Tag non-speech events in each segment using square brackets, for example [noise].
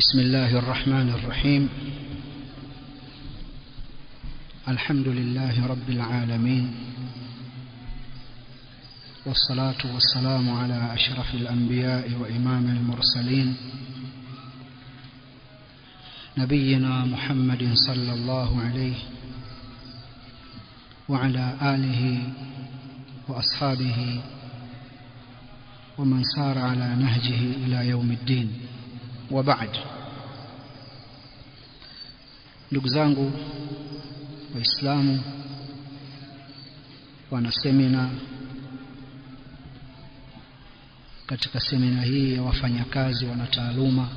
بسم الله الرحمن الرحيم الحمد لله رب العالمين والصلاة والسلام على أشرف الأنبياء وإمام المرسلين نبينا محمد صلى الله عليه وعلى آله وأصحابه ومن سار على نهجه إلى يوم الدين wa ba'd ndugu zangu waislamu wana semina katika semina hii ya wafanyakazi wanataaluma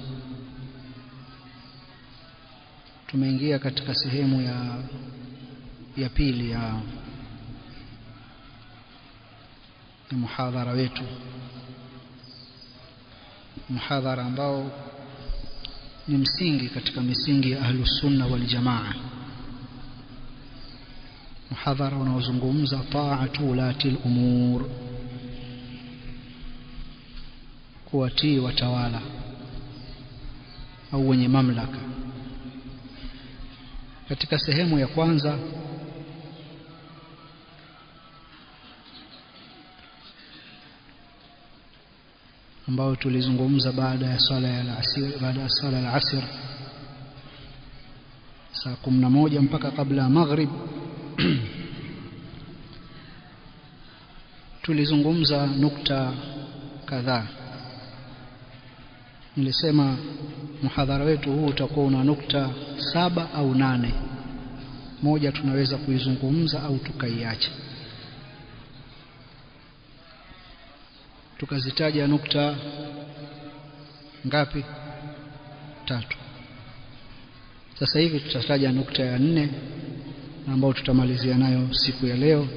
tumeingia katika sehemu ya ya pili ya, ya muhadhara wetu muhadhara ambao ni msingi katika misingi ya ahlusunna jamaa muhadhara unaozungumza taatu ulati lumur kuwatii watawala au wenye mamlaka katika sehemu ya kwanza ambayo tulizungumza baada ya swala ya asir baada ya swala ya asr saa 11 mpaka kabla ya maghrib [clears throat] tulizungumza nukta kadhaa nilisema muhadhara wetu huu utakuwa una nukta saba au nane moja tunaweza kuizungumza au tukaiacha tukazitaja nukta ngapi? Tatu. Sasa hivi tutataja nukta ya nne ambayo tutamalizia nayo siku ya leo,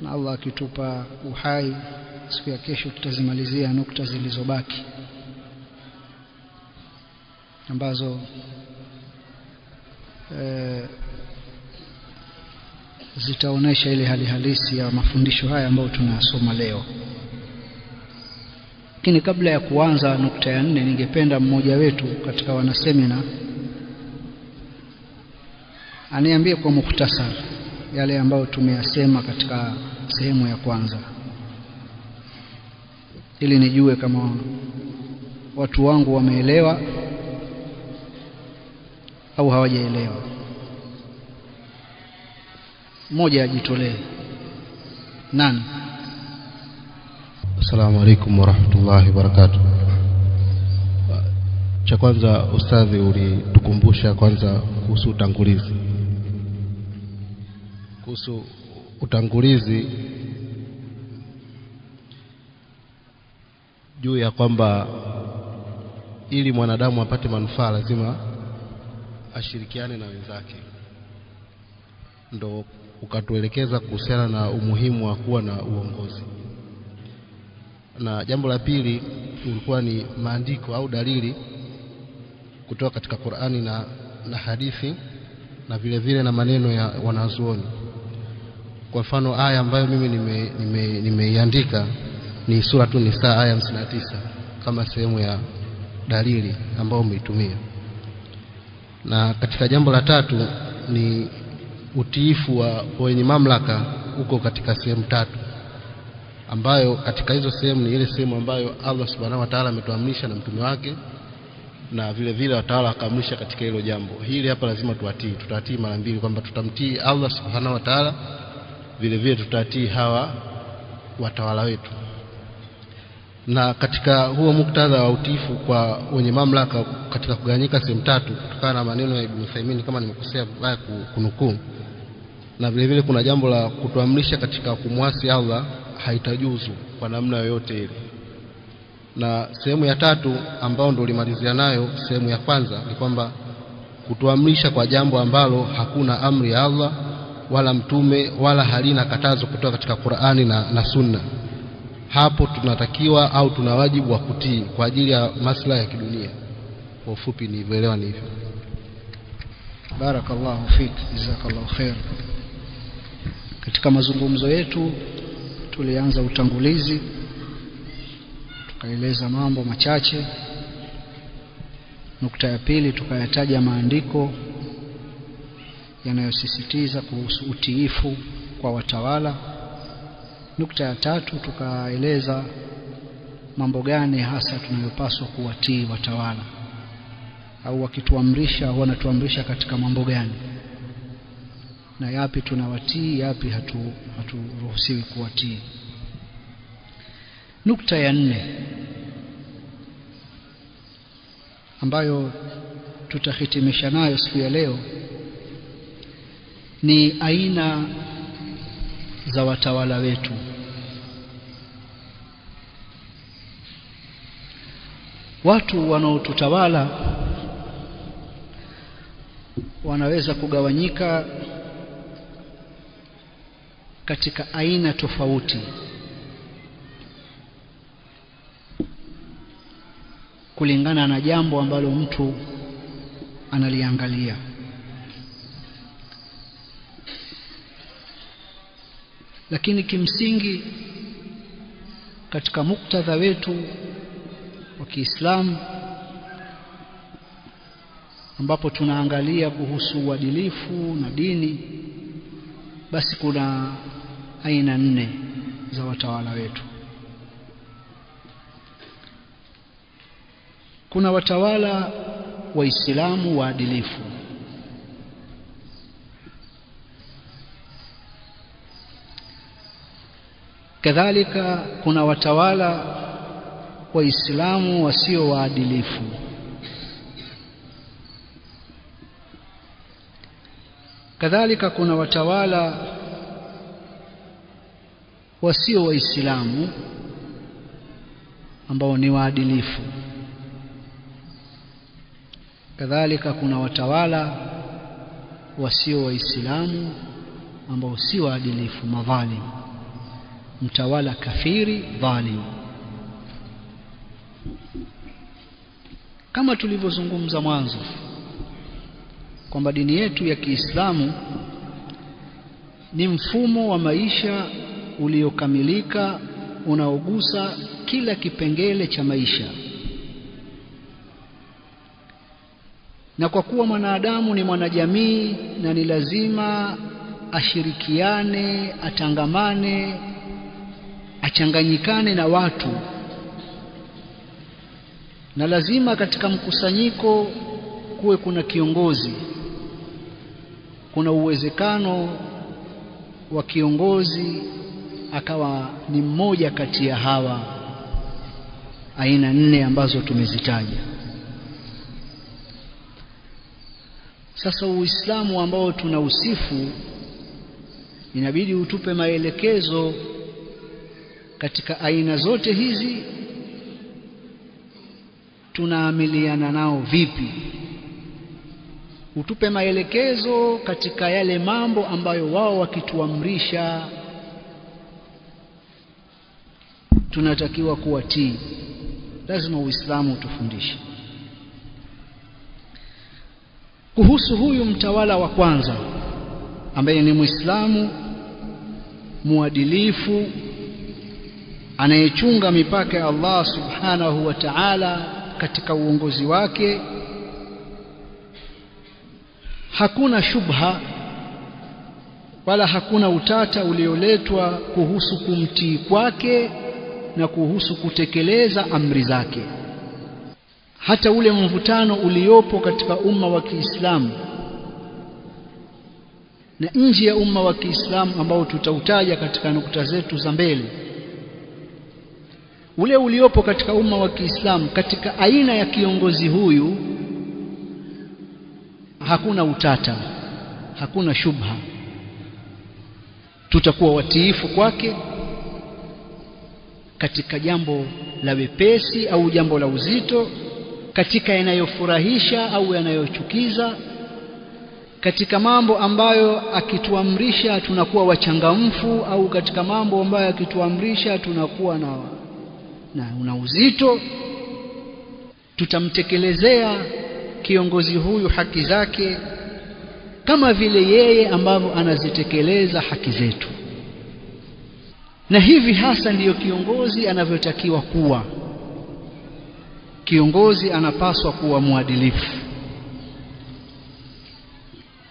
na Allah akitupa uhai, siku ya kesho tutazimalizia nukta zilizobaki ambazo eh, zitaonesha ile hali halisi ya mafundisho haya ambayo tunayasoma leo. Lakini kabla ya kuanza nukta ya nne, ningependa mmoja wetu katika wanasemina aniambie kwa mukhtasar yale ambayo tumeyasema katika sehemu ya kwanza, ili nijue kama watu wangu wameelewa au hawajaelewa mmoja ajitolee nani Assalamu alaikum warahmatullahi wabarakatu cha kwanza ustadhi ulitukumbusha kwanza kuhusu utangulizi kuhusu utangulizi juu ya kwamba ili mwanadamu apate manufaa lazima ashirikiane na wenzake ndo ukatuelekeza kuhusiana na umuhimu wa kuwa na uongozi. Na jambo la pili ulikuwa ni maandiko au dalili kutoka katika Qur'ani na, na hadithi na vile vile na maneno ya wanazuoni. Kwa mfano aya ambayo mimi nimeiandika nime, nime ni sura tu Nisaa aya 59 kama sehemu ya dalili ambayo umeitumia. Na katika jambo la tatu ni utiifu wa wenye mamlaka uko katika sehemu tatu, ambayo katika hizo sehemu ni ile sehemu ambayo Allah subhanahu wa taala ametuamrisha na mtume wake, na vile vile watawala wakaamrisha katika hilo jambo. Hili hapa lazima tuatii tutatii mara mbili, kwamba tutamtii Allah subhanahu wa taala, vile vile tutatii hawa watawala wetu na katika huo muktadha wa utiifu kwa wenye mamlaka katika kugawanyika sehemu tatu, kutokana na maneno ya Ibn Uthaymeen kama nimekosea vibaya kunukuu, na vile vile kuna jambo la kutuamrisha katika kumwasi Allah haitajuzu kwa namna yoyote ile. Na sehemu ya tatu ambayo ndio ulimalizia nayo sehemu ya kwanza ni kwamba kutuamrisha kwa jambo ambalo hakuna amri ya Allah wala mtume wala halina katazo kutoka katika Qur'ani na, na Sunna hapo tunatakiwa au tuna wajibu wa kutii kwa ajili ya maslahi ya kidunia. Kwa ufupi nilivyoelewa ni hivyo. Barakallahu fik, jazakallahu khair. Katika mazungumzo yetu tulianza utangulizi, tukaeleza mambo machache. Nukta ya pili tukayataja maandiko yanayosisitiza kuhusu utiifu kwa watawala Nukta ya tatu tukaeleza mambo gani hasa tunayopaswa kuwatii watawala, au wakituamrisha wanatuamrisha katika mambo gani, na yapi tunawatii, yapi hatu haturuhusiwi kuwatii. Nukta ya nne ambayo tutahitimisha nayo siku ya leo ni aina za watawala wetu. watu wanaotutawala wanaweza kugawanyika katika aina tofauti. kulingana na jambo ambalo mtu analiangalia. Lakini kimsingi katika muktadha wetu Kiislamu ambapo tunaangalia kuhusu uadilifu na dini, basi kuna aina nne za watawala wetu. Kuna watawala Waislamu waadilifu kadhalika kuna watawala Waislamu wasio waadilifu. Kadhalika kuna watawala wasio Waislamu ambao ni waadilifu. Kadhalika kuna watawala wasio Waislamu ambao si waadilifu, madhalim. Mtawala kafiri, dhalim. kama tulivyozungumza mwanzo kwamba dini yetu ya Kiislamu ni mfumo wa maisha uliokamilika unaogusa kila kipengele cha maisha, na kwa kuwa mwanadamu ni mwanajamii na ni lazima ashirikiane, atangamane, achanganyikane na watu na lazima katika mkusanyiko kuwe kuna kiongozi. Kuna uwezekano wa kiongozi akawa ni mmoja kati ya hawa aina nne ambazo tumezitaja. Sasa Uislamu ambao tuna usifu inabidi utupe maelekezo katika aina zote hizi tunaamiliana nao vipi? Utupe maelekezo katika yale mambo ambayo wao wakituamrisha tunatakiwa kuwatii. Lazima Uislamu utufundishe kuhusu huyu mtawala wa kwanza ambaye ni Mwislamu muadilifu anayechunga mipaka ya Allah subhanahu wa ta'ala katika uongozi wake hakuna shubha wala hakuna utata ulioletwa kuhusu kumtii kwake na kuhusu kutekeleza amri zake. Hata ule mvutano uliopo katika umma wa Kiislamu na nje ya umma wa Kiislamu ambao tutautaja katika nukta zetu za mbele ule uliopo katika umma wa Kiislamu katika aina ya kiongozi huyu hakuna utata, hakuna shubha. Tutakuwa watiifu kwake katika jambo la wepesi au jambo la uzito, katika yanayofurahisha au yanayochukiza, katika mambo ambayo akituamrisha tunakuwa wachangamfu au katika mambo ambayo akituamrisha tunakuwa na na una uzito, tutamtekelezea kiongozi huyu haki zake kama vile yeye ambavyo anazitekeleza haki zetu. Na hivi hasa ndiyo kiongozi anavyotakiwa kuwa. Kiongozi anapaswa kuwa mwadilifu,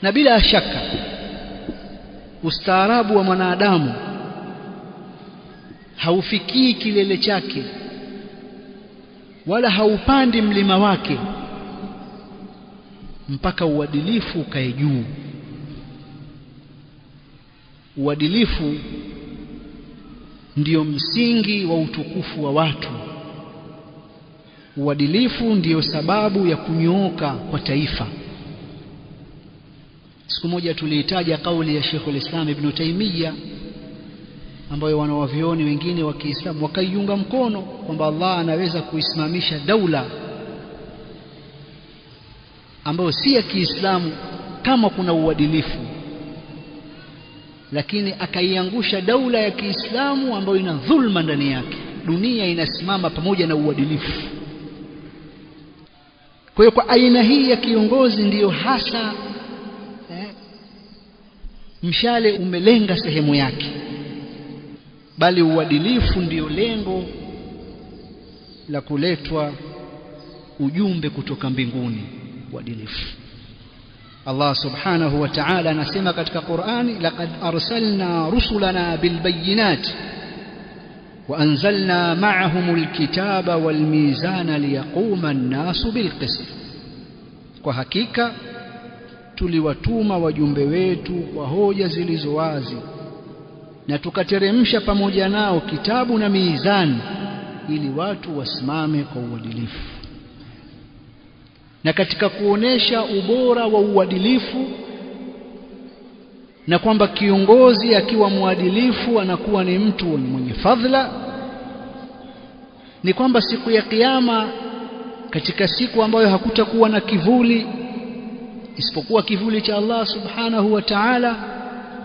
na bila shaka ustaarabu wa mwanadamu haufikii kilele chake wala haupandi mlima wake mpaka uadilifu ukae juu. Uadilifu ndio msingi wa utukufu wa watu. Uadilifu ndiyo sababu ya kunyooka kwa taifa. Siku moja tuliitaja kauli ya Sheikhul Islam Ibn Taymiyyah ambayo wanawavioni wengine wa Kiislamu wakaiunga mkono kwamba Allah anaweza kuisimamisha daula ambayo si ya Kiislamu kama kuna uadilifu, lakini akaiangusha daula ya Kiislamu ambayo ina dhulma ndani yake. Dunia inasimama pamoja na uadilifu. Kwa hiyo, kwa aina hii ya kiongozi ndiyo hasa eh, mshale umelenga sehemu yake bali uadilifu ndio lengo la kuletwa ujumbe kutoka mbinguni uadilifu Allah subhanahu wa ta'ala anasema katika Qur'ani laqad arsalna rusulana bilbayinat wa anzalna ma'ahumul kitaba wal mizana liyaquma an-nasu bilqist kwa hakika tuliwatuma wajumbe wetu kwa hoja zilizo wazi na tukateremsha pamoja nao kitabu na mizani ili watu wasimame kwa uadilifu. Na katika kuonesha ubora wa uadilifu na kwamba kiongozi akiwa mwadilifu anakuwa ni mtu mwenye fadhila, ni kwamba siku ya Kiyama, katika siku ambayo hakutakuwa na kivuli isipokuwa kivuli cha Allah subhanahu wa ta'ala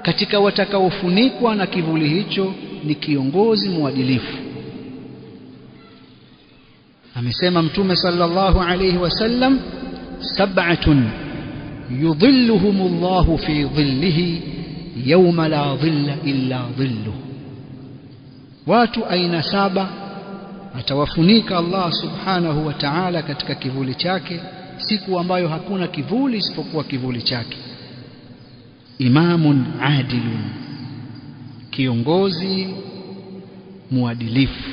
katika watakaofunikwa na kivuli hicho ni kiongozi mwadilifu amesema mtume sallallahu alayhi wasallam sab'atun yudhilluhumullahu fi dhillihi yawma la dhilla illa dhilluh watu aina saba atawafunika Allah subhanahu wa ta'ala katika kivuli chake siku ambayo hakuna kivuli isipokuwa kivuli chake imamun adilun, kiongozi muadilifu.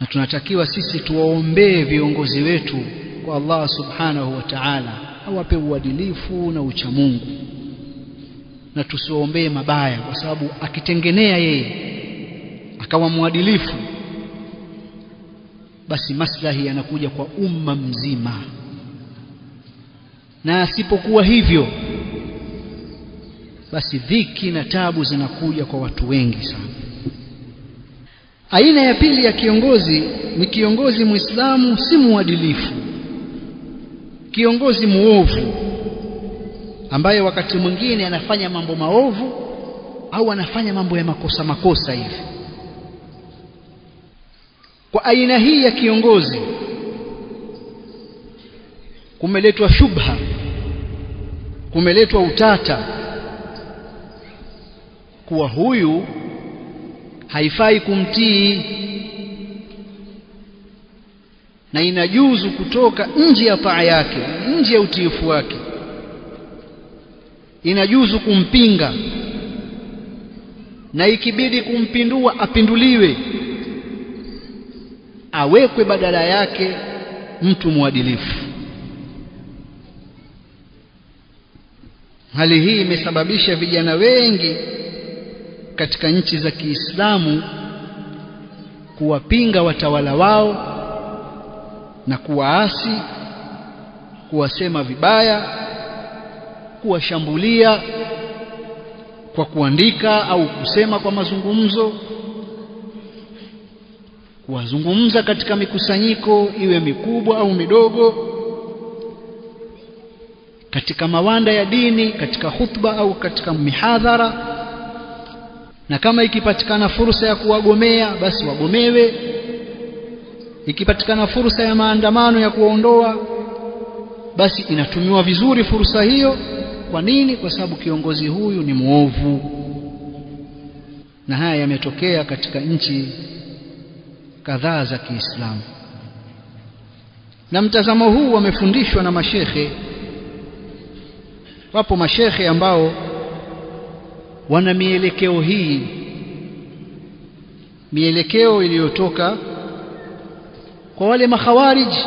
Na tunatakiwa sisi tuwaombee viongozi wetu kwa Allah subhanahu wa ta'ala, awape uadilifu na uchamungu, na tusiwaombee mabaya, kwa sababu akitengenea yeye akawa muadilifu, basi maslahi yanakuja kwa umma mzima, na asipokuwa hivyo basi dhiki na tabu zinakuja kwa watu wengi sana. Aina ya pili ya kiongozi ni kiongozi Mwislamu si muadilifu, kiongozi muovu ambaye wakati mwingine anafanya mambo maovu au anafanya mambo ya makosa makosa hivi. Kwa aina hii ya kiongozi kumeletwa shubha, kumeletwa utata kuwa huyu haifai kumtii na inajuzu kutoka nje ya taa yake, nje ya utiifu wake, inajuzu kumpinga na ikibidi kumpindua apinduliwe, awekwe badala yake mtu mwadilifu. Hali hii imesababisha vijana wengi katika nchi za Kiislamu kuwapinga watawala wao na kuwaasi, kuwasema vibaya, kuwashambulia kwa kuandika au kusema kwa mazungumzo, kuwazungumza katika mikusanyiko iwe mikubwa au midogo, katika mawanda ya dini, katika hutuba au katika mihadhara na kama ikipatikana fursa ya kuwagomea basi wagomewe, ikipatikana fursa ya maandamano ya kuondoa basi inatumiwa vizuri fursa hiyo. Kwa nini? Kwa sababu kiongozi huyu ni mwovu, na haya yametokea katika nchi kadhaa za Kiislamu. Na mtazamo huu wamefundishwa na mashekhe. Wapo mashekhe ambao wana mielekeo hii, mielekeo iliyotoka kwa wale makhawariji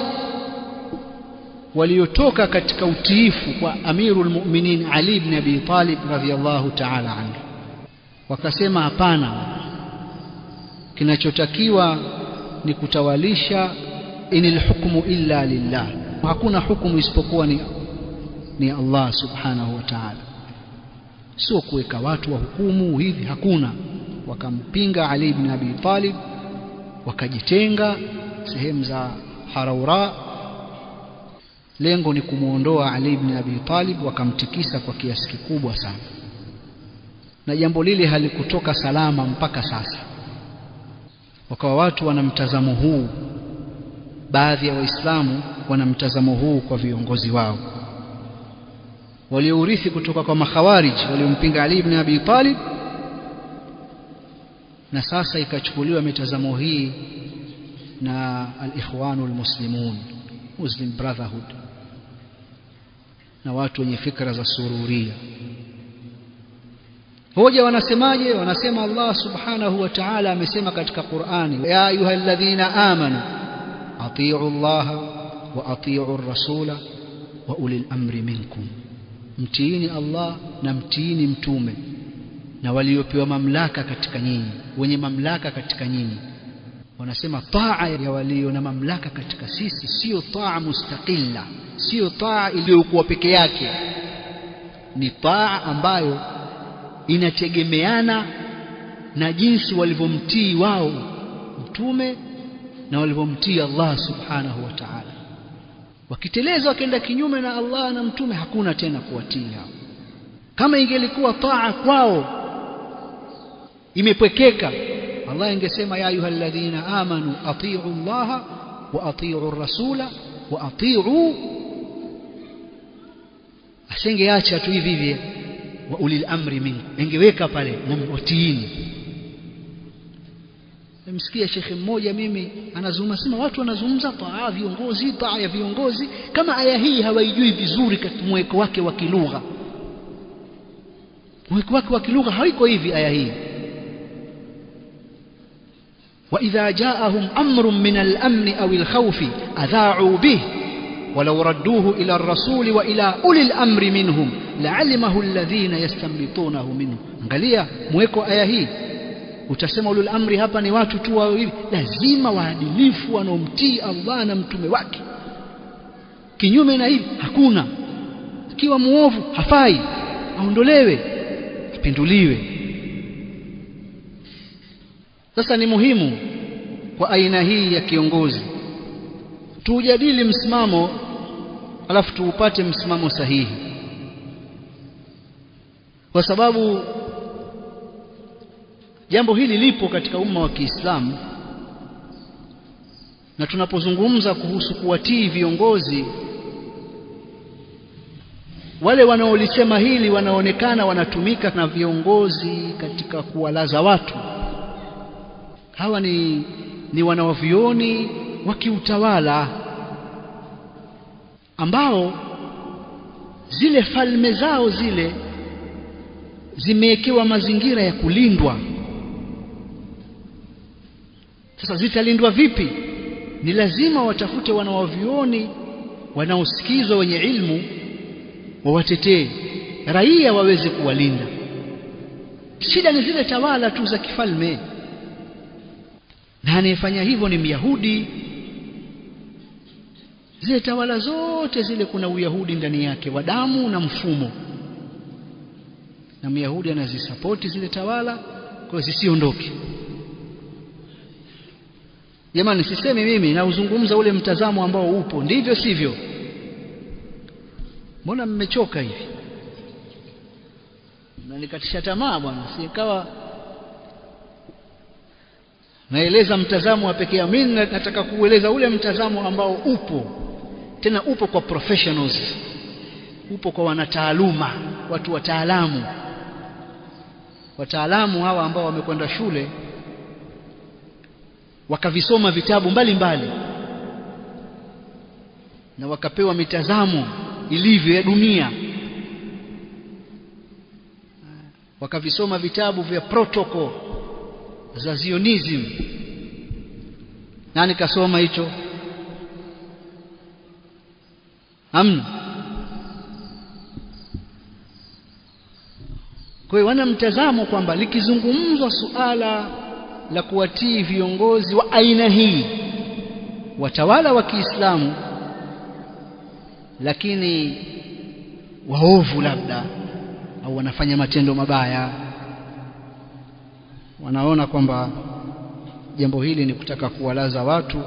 waliotoka katika utiifu kwa Amirul Mu'minin Ali ibn Abi Talib radhiyallahu ta'ala anhu, wakasema hapana, kinachotakiwa ni kutawalisha, inil hukmu illa lillah, hakuna hukumu isipokuwa ni, ni Allah subhanahu wa ta'ala sio kuweka watu wa hukumu hivi, hakuna. Wakampinga Ali ibn Abi Talib, wakajitenga sehemu za Haraura. Lengo ni kumwondoa Ali ibn Abi Talib, wakamtikisa kwa kiasi kikubwa sana, na jambo lile halikutoka salama mpaka sasa. Wakawa watu wana mtazamo huu, baadhi ya Waislamu wana mtazamo huu kwa viongozi wao. waliourithi kutoka kwa makhawariji waliompinga Ali ibn Abi Talib na sasa ikachukuliwa mitazamo hii na al-ikhwanu muslimun Muslim Brotherhood na watu wenye fikra za sururia hoja wanasemaje wanasema Allah subhanahu wa ta'ala amesema katika Qur'ani ya ayyuhalladhina amanu atii'u Allah wa atii'u ar-rasula wa ulil amri minkum mtiini Allah na mtiini mtume na waliopewa mamlaka katika nyinyi, wenye mamlaka katika nyinyi. Wanasema taa ya walio na mamlaka katika sisi sio taa mustaqilla, siyo taa iliyokuwa peke yake, ni taa ambayo inategemeana na jinsi walivyomtii wao mtume na walivyomtii Allah subhanahu wa ta'ala wakiteleza wakaenda kinyume na Allah na mtume hakuna tena kuwatia kama ingelikuwa taa kwao imepwekeka Allah ingesema ya ayyuhalladhina amanu atiu Allah wa atiu rasula wa atiu asingeacha tu hivi hivi wa ulil amri minkum ingeweka pale mumutiini Nimesikia shekhe mmoja mimi anazungumza sema, watu wanazungumza taa viongozi, taa ya viongozi, kama aya hii hawaijui vizuri katika mweko wake wa kilugha. Mweko wake wa kilugha haiko hivi aya hii وإذا جاءهم أمر من الأمن أو الخوف أذاعوا به ولو ردوه إلى الرسول وإلى أولي الأمر منهم لعلمه الذين يستنبطونه منه angalia mweko aya hii utasema ulul amri hapa ni watu tu wao hivi lazima waadilifu wanaomtii Allah na mtume wake kinyume na hili hakuna akiwa muovu hafai aondolewe apinduliwe sasa ni muhimu kwa aina hii ya kiongozi tuujadili msimamo alafu tuupate msimamo sahihi kwa sababu Jambo hili lipo katika umma wa Kiislamu, na tunapozungumza kuhusu kuwatii viongozi wale wanaolisema hili wanaonekana wanatumika na viongozi katika kuwalaza watu. Hawa ni, ni wanawavioni wa kiutawala ambao zile falme zao zile zimewekewa mazingira ya kulindwa sasa zitalindwa vipi? Ni lazima watafute wanaovioni, wanaosikizwa, wenye ilmu wawatetee, raia waweze kuwalinda. Shida ni zile tawala tu za kifalme, na anayefanya hivyo ni Myahudi. Zile tawala zote zile kuna uyahudi ndani yake wa damu na mfumo, na Myahudi anazisapoti zile tawala, kwa zisiondoke. Jamani, sisemi mimi, nauzungumza ule mtazamo ambao upo, ndivyo sivyo? Mbona mmechoka hivi? na nikatisha tamaa bwana, sikawa naeleza mtazamo wa pekee. Mimi nataka kueleza ule mtazamo ambao upo, tena upo kwa professionals, upo kwa wanataaluma, watu wataalamu, wataalamu hawa ambao wamekwenda shule wakavisoma vitabu mbalimbali mbali. na wakapewa mitazamo ilivyo ya dunia wakavisoma vitabu vya protocol za Zionism. Nani kasoma hicho? amna Kwa hiyo wana mtazamo kwamba likizungumzwa suala la kuwatii viongozi wa aina hii watawala wa Kiislamu lakini waovu labda au wanafanya matendo mabaya wanaona kwamba jambo hili ni kutaka kuwalaza watu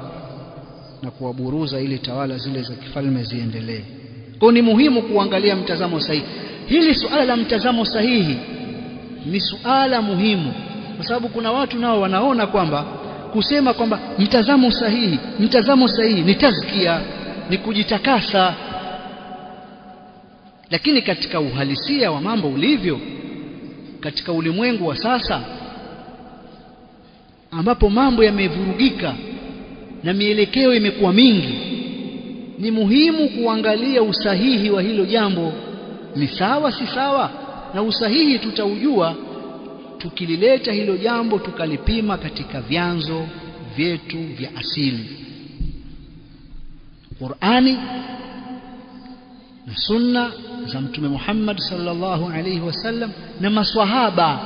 na kuwaburuza ili tawala zile za kifalme ziendelee. Kwa ni muhimu kuangalia mtazamo sahihi. Hili suala la mtazamo sahihi ni suala muhimu kwa sababu kuna watu nao wanaona kwamba kusema kwamba mtazamo sahihi, mtazamo sahihi ni tazkia, ni kujitakasa. Lakini katika uhalisia wa mambo ulivyo katika ulimwengu wa sasa, ambapo mambo yamevurugika na mielekeo imekuwa mingi, ni muhimu kuangalia usahihi wa hilo jambo, ni sawa si sawa, na usahihi tutaujua tukilileta hilo jambo tukalipima katika vyanzo vyetu vya asili, Qur'ani na sunna za Mtume Muhammad sallallahu alaihi wasallam na maswahaba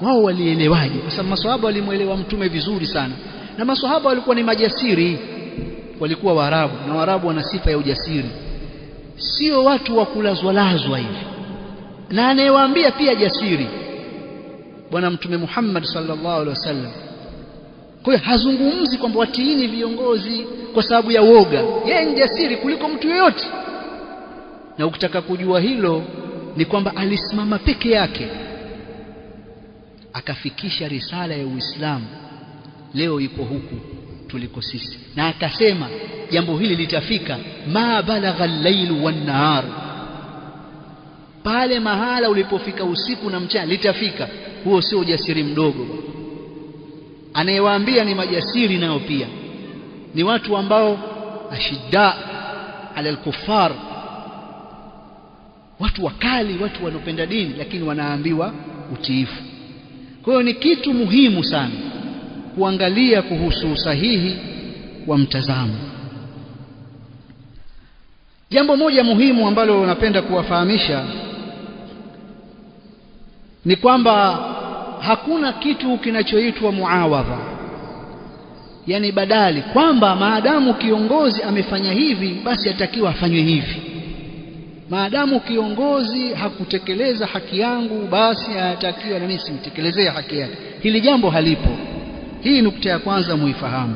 wao walielewaje? Kwa sababu maswahaba walimwelewa mtume vizuri sana, na maswahaba walikuwa ni majasiri, walikuwa Waarabu na Waarabu wana sifa ya ujasiri, sio watu wa lazwa hivi, na anayewaambia pia jasiri bwana mtume Muhammad sallallahu alaihi wasallam. Kwa hiyo hazungumzi kwamba watiini viongozi kwa sababu ya woga. Yeye ni jasiri kuliko mtu yeyote, na ukitaka kujua hilo ni kwamba alisimama peke yake akafikisha risala ya Uislamu, leo iko huku tuliko sisi, na akasema jambo hili litafika, ma balagha al-lailu wan-nahar, pale mahala ulipofika usiku na mchana litafika. Huo sio ujasiri mdogo. Anayewaambia ni majasiri nao pia ni watu ambao ashidda ala alkufar, watu wakali, watu wanaopenda dini, lakini wanaambiwa utiifu. Kwa hiyo ni kitu muhimu sana kuangalia kuhusu usahihi wa mtazamo. Jambo moja muhimu ambalo napenda kuwafahamisha ni kwamba hakuna kitu kinachoitwa muawadha, yani badali, kwamba maadamu kiongozi amefanya hivi, basi atakiwa afanywe hivi. Maadamu kiongozi hakutekeleza haki yangu, basi atakiwa na mimi simtekelezee haki yake. Hili jambo halipo. Hii nukta ya kwanza muifahamu.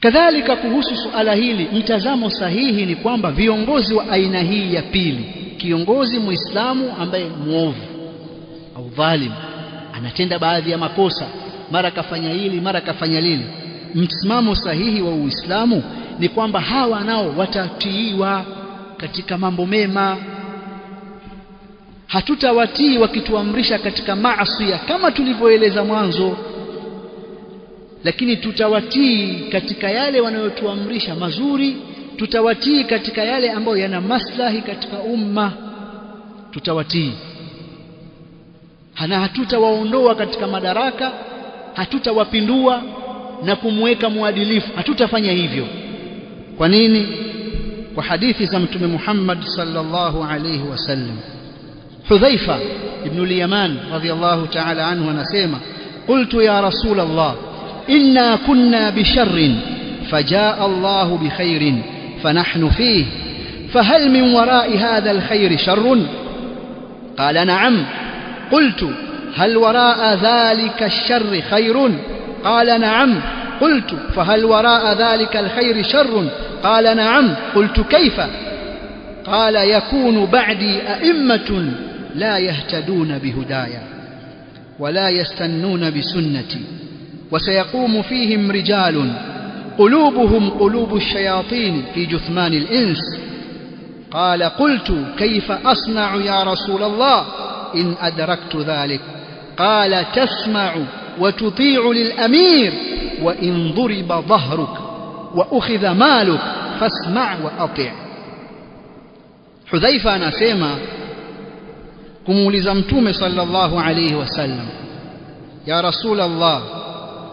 Kadhalika, kuhusu suala hili, mtazamo sahihi ni kwamba viongozi wa aina hii ya pili, kiongozi Muislamu ambaye mwovu au dhalim, anatenda baadhi ya makosa, mara kafanya hili, mara kafanya lile. Msimamo sahihi wa Uislamu ni kwamba hawa nao watatiiwa katika mambo mema, hatutawatii wakituamrisha katika maasiya kama tulivyoeleza mwanzo, lakini tutawatii katika yale wanayotuamrisha mazuri, tutawatii katika yale ambayo yana maslahi katika umma, tutawatii. na hatutawaondoa katika madaraka hatutawapindua na kumweka muadilifu hatutafanya hivyo kwa nini kwa hadithi za mtume Muhammad sallallahu alayhi wasallam Hudhaifa ibn al-Yaman radiyallahu ta'ala anhu anasema qultu ya rasul Allah inna kunna bi sharrin fajaa Allah bi khairin fanahnu fihi fahal min wara'i hadha al-khair sharrun qala na'am قلت هل وراء ذلك الشر خير قال نعم قلت فهل وراء ذلك الخير شر قال نعم قلت كيف قال يكون بعدي أئمة لا يهتدون بهدايا ولا يستنون بسنتي وسيقوم فيهم رجال قلوبهم قلوب الشياطين في جثمان الإنس قال قلت كيف أصنع يا رسول الله إن أدركت ذلك قال تسمع وتطيع للأمير وإن ضرب ظهرك وأخذ مالك فاسمع وأطع حذيفة ناسيما كم لزمتم صلى الله عليه وسلم يا رسول الله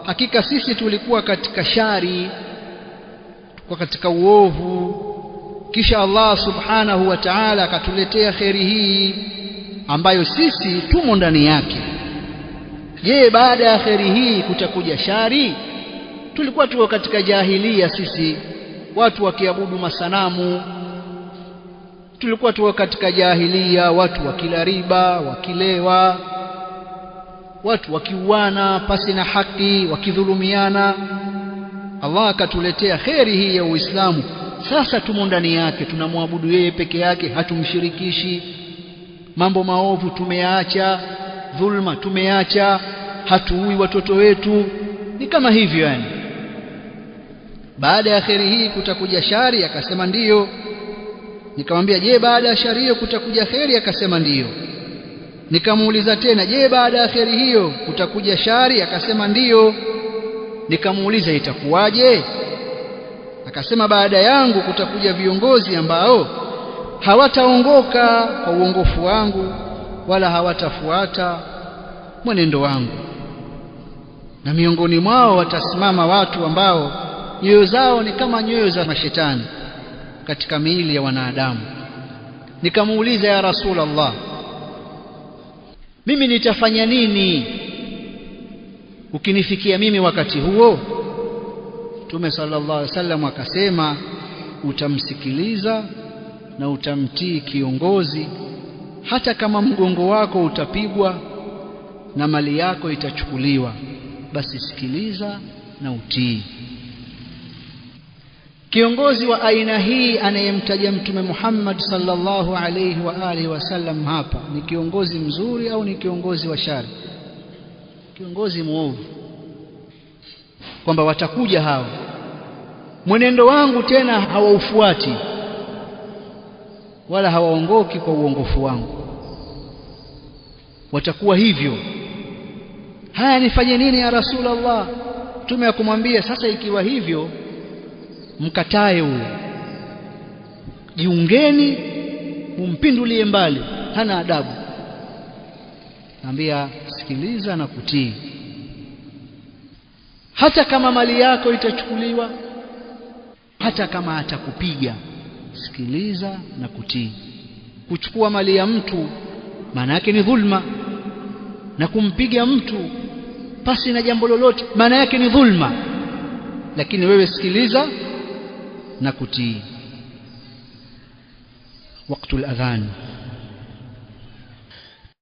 حقيقة سيسي تلقوا كتك شاري وكتك ووفو الله سبحانه وتعالى كتلتي خيره ambayo sisi tumo ndani yake. Je, baada ya kheri hii kutakuja shari? Tulikuwa tuko katika jahilia sisi, watu wakiabudu masanamu. Tulikuwa tuko katika jahilia, watu wakila riba, wakilewa, watu wakiuana pasi na haki, wakidhulumiana. Allah akatuletea kheri hii ya Uislamu. Sasa tumo ndani yake, tunamwabudu yeye peke yake, hatumshirikishi mambo maovu tumeacha dhulma tumeacha hatuui watoto wetu, ni kama hivyo yani. Baada ya kheri hii kutakuja shari, akasema ndiyo. Nikamwambia, je, baada ya shari hiyo kutakuja kheri? Akasema ndiyo. Nikamuuliza tena, je, baada ya kheri hiyo kutakuja shari? Akasema ndiyo. Nikamuuliza, itakuwaje? Akasema, baada yangu kutakuja viongozi ambao hawataongoka kwa uongofu wangu wala hawatafuata mwenendo wangu. Na miongoni mwao watasimama watu ambao nyoyo zao ni kama nyoyo za mashetani katika miili ya wanadamu. Nikamuuliza, ya Rasulullah, mimi nitafanya nini ukinifikia mimi wakati huo? Mtume sallallahu alaihi wasallam akasema, utamsikiliza na utamtii kiongozi, hata kama mgongo wako utapigwa na mali yako itachukuliwa, basi sikiliza na utii. Kiongozi wa aina hii anayemtaja Mtume Muhammad sallallahu alayhi wa alihi wasallam hapa ni kiongozi mzuri au ni kiongozi wa shari? Kiongozi mwovu, kwamba watakuja hao, mwenendo wangu tena hawaufuati wala hawaongoki kwa uongofu wangu. Watakuwa hivyo. Haya, nifanye nini ya Rasulullah? Mtume kumwambia sasa ikiwa hivyo, mkatae huyo, jiungeni, mumpindulie mbali, hana adabu. Naambia, sikiliza na kutii, hata kama mali yako itachukuliwa, hata kama atakupiga kusikiliza na kutii. Kuchukua mali ya mtu maana yake ni dhulma, na kumpiga mtu pasi na jambo lolote maana yake ni dhulma. Lakini wewe sikiliza na kutii. Waktul adhan